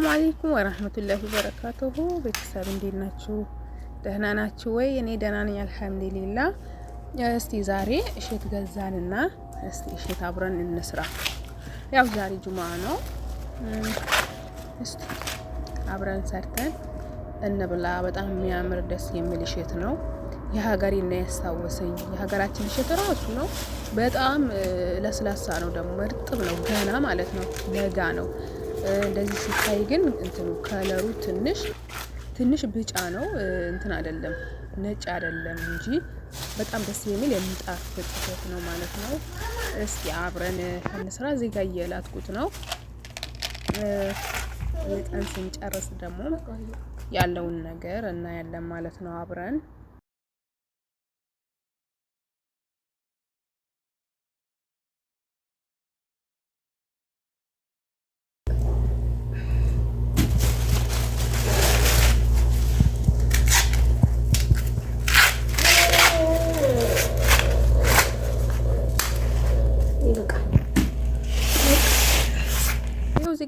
ሰላሙ አሌይኩም ወረህመቱላሂ በረካቱሁ። ቤተሰብ እንዴት ናችሁ? ደህና ናችሁ ወይ? እኔ ደህና ነኝ አልሐምዱሊላ። እስቲ ዛሬ እሸት ገዛንና እስቲ እሸት አብረን እንስራ። ያው ዛሬ ጁማ ነው። እስቲ አብረን ሰርተን እንብላ። በጣም የሚያምር ደስ የሚል እሸት ነው። የሀገሬ እና ያስታወሰኝ የሀገራችን እሸት ራሱ ነው። በጣም ለስላሳ ነው ደግሞ እርጥብ ነው ገና ማለት ነው ለጋ ነው እንደዚህ ሲታይ ግን እንትኑ ከለሩ ትንሽ ትንሽ ብጫ ነው እንትን አይደለም ነጭ አይደለም እንጂ በጣም ደስ የሚል የሚጣፍጥ ወጥ ነው ማለት ነው። እስኪ አብረን እንስራ። እዚህ ጋር እየላትኩት ነው። ልጠን ስንጨርስ ደግሞ ያለውን ነገር እናያለን ማለት ነው አብረን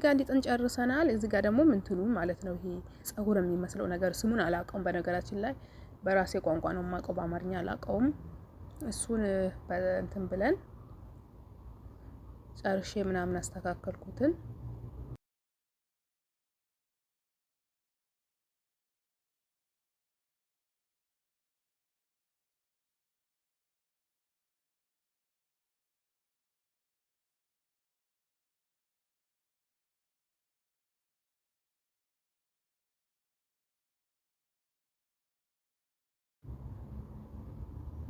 ጋር እንዲጥን ጨርሰናል። እዚህ ጋር ደግሞ ምንትሉ ማለት ነው ይሄ ጸጉር የሚመስለው ነገር ስሙን አላውቀውም። በነገራችን ላይ በራሴ ቋንቋ ነው የማውቀው፣ በአማርኛ አላውቀውም። እሱን በእንትን ብለን ጨርሼ ምናምን አስተካከልኩትን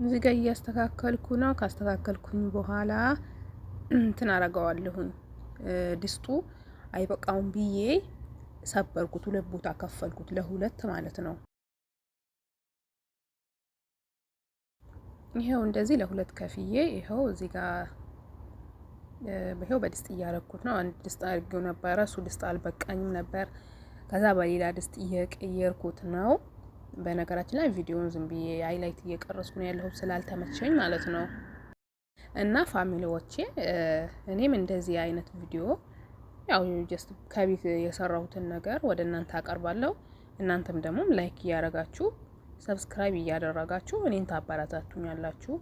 እዚህ ጋር እያስተካከልኩ ነው። ካስተካከልኩኝ በኋላ እንትን አረገዋለሁኝ። ድስጡ አይበቃውም ብዬ ሰበርኩት። ሁለት ቦታ ከፈልኩት፣ ለሁለት ማለት ነው። ይኸው እንደዚህ ለሁለት ከፍዬ ይኸው እዚህ ጋር ይኸው በድስት እያረኩት ነው። አንድ ድስት አድርጌው ነበረ፣ እሱ ድስት አልበቃኝም ነበር። ከዛ በሌላ ድስት እየቀየርኩት ነው። በነገራችን ላይ ቪዲዮን ዝም ብዬ ሃይላይት እየቀረስኩ ነው ያለሁት ስላልተመቸኝ ማለት ነው። እና ፋሚሊዎቼ እኔም እንደዚህ አይነት ቪዲዮ ያው ጀስት ከቤት የሰራሁትን ነገር ወደ እናንተ አቀርባለሁ። እናንተም ደግሞ ላይክ እያደረጋችሁ ሰብስክራይብ እያደረጋችሁ እኔን ያላችሁ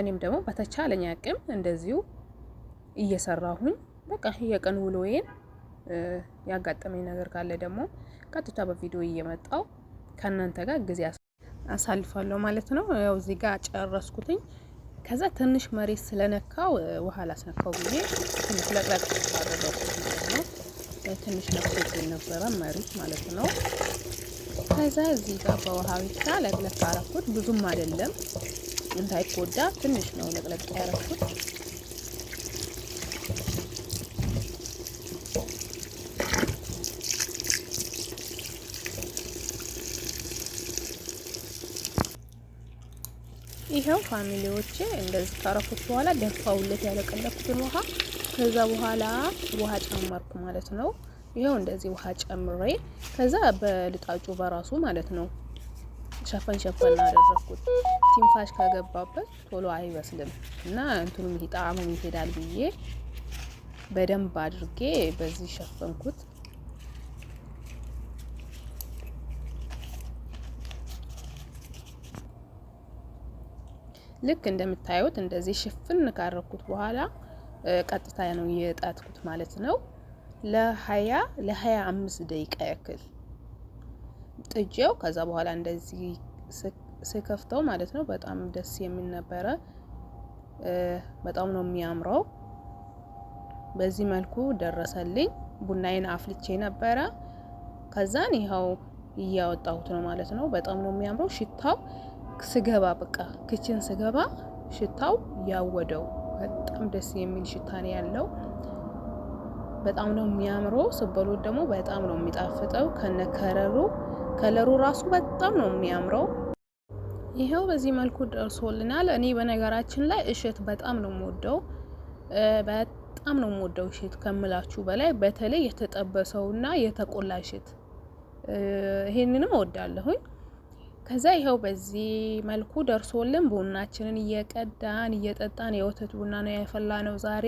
እኔም ደግሞ በተቻለኝ አቅም እንደዚሁ እየሰራሁኝ በቃ የቀን ውሎዬን ያጋጠመኝ ነገር ካለ ደግሞ ቀጥታ በቪዲዮ እየመጣው ከእናንተ ጋር ጊዜ አሳልፋለሁ ማለት ነው። ያው እዚህ ጋር ጨረስኩትኝ። ከዛ ትንሽ መሬት ስለነካው ውሃ ላስነካው ብዬ ትንሽ ለቅለቅ ባደረገው ነው። ትንሽ ለቅሶብኝ ነበረ መሬት ማለት ነው። ከዛ እዚህ ጋር በውሃ ብቻ ለቅለቅ አረኩት። ብዙም አይደለም እንዳይጎዳ ትንሽ ነው ለቅለቅ ያረኩት። ይሄው ፋሚሊዎች እንደዚህ ካረኩት በኋላ ደፋውለት ያለቀለኩትን ውሃ። ከዛ በኋላ ውሃ ጨመርኩ ማለት ነው። ይሄው እንደዚህ ውሃ ጨምሬ ከዛ በልጣጩ በራሱ ማለት ነው ሸፈን ሸፈን አደረኩት። ትንፋሽ ከገባበት ቶሎ አይበስልም እና እንትኑም ይሄ ጣዕሙም ይሄዳል ብዬ በደንብ አድርጌ በዚህ ሸፈንኩት። ልክ እንደምታዩት እንደዚህ ሽፍን ካረኩት በኋላ ቀጥታ ነው የጣትኩት ማለት ነው። ለሀያ ለሀያ አምስት ደቂቃ ያክል ጥጄው ከዛ በኋላ እንደዚህ ስከፍተው ማለት ነው በጣም ደስ የሚል ነበረ። በጣም ነው የሚያምረው። በዚህ መልኩ ደረሰልኝ። ቡናዬን አፍልቼ ነበረ። ከዛን ይኸው እያወጣሁት ነው ማለት ነው። በጣም ነው የሚያምረው ሽታው ስገባ በቃ ክችን ስገባ ሽታው ያወደው በጣም ደስ የሚል ሽታ ነው ያለው። በጣም ነው የሚያምረው። ስበሉት ደግሞ በጣም ነው የሚጣፍጠው ከነ ከረሩ ከለሩ ራሱ በጣም ነው የሚያምረው። ይሄው በዚህ መልኩ ደርሶልናል። እኔ በነገራችን ላይ እሸት በጣም ነው የምወደው በጣም ነው የምወደው እሸት ከምላችሁ በላይ በተለይ የተጠበሰውና የተቆላ እሸት ይሄንንም እወዳለሁኝ። ከዛ ይኸው በዚህ መልኩ ደርሶልን ቡናችንን እየቀዳን እየጠጣን የወተት ቡና ነው ያፈላ ነው ዛሬ።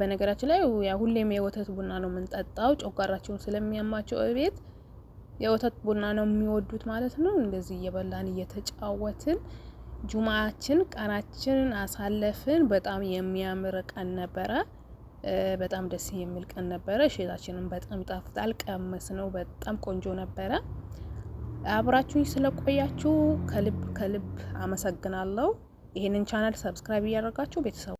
በነገራችን ላይ ሁሌም የወተት ቡና ነው የምንጠጣው፣ ጨጓራቸውን ስለሚያማቸው እቤት የወተት ቡና ነው የሚወዱት ማለት ነው። እንደዚህ እየበላን እየተጫወትን ጁማችን ቀናችንን አሳለፍን። በጣም የሚያምር ቀን ነበረ። በጣም ደስ የሚል ቀን ነበረ። ሼታችንን በጣም ጣፍጣል። ቀመስ ነው በጣም ቆንጆ ነበረ። አብራችሁኝ ስለቆያችሁ ከልብ ከልብ አመሰግናለሁ። ይህንን ቻናል ሰብስክራይብ እያደረጋችሁ ቤተሰቡ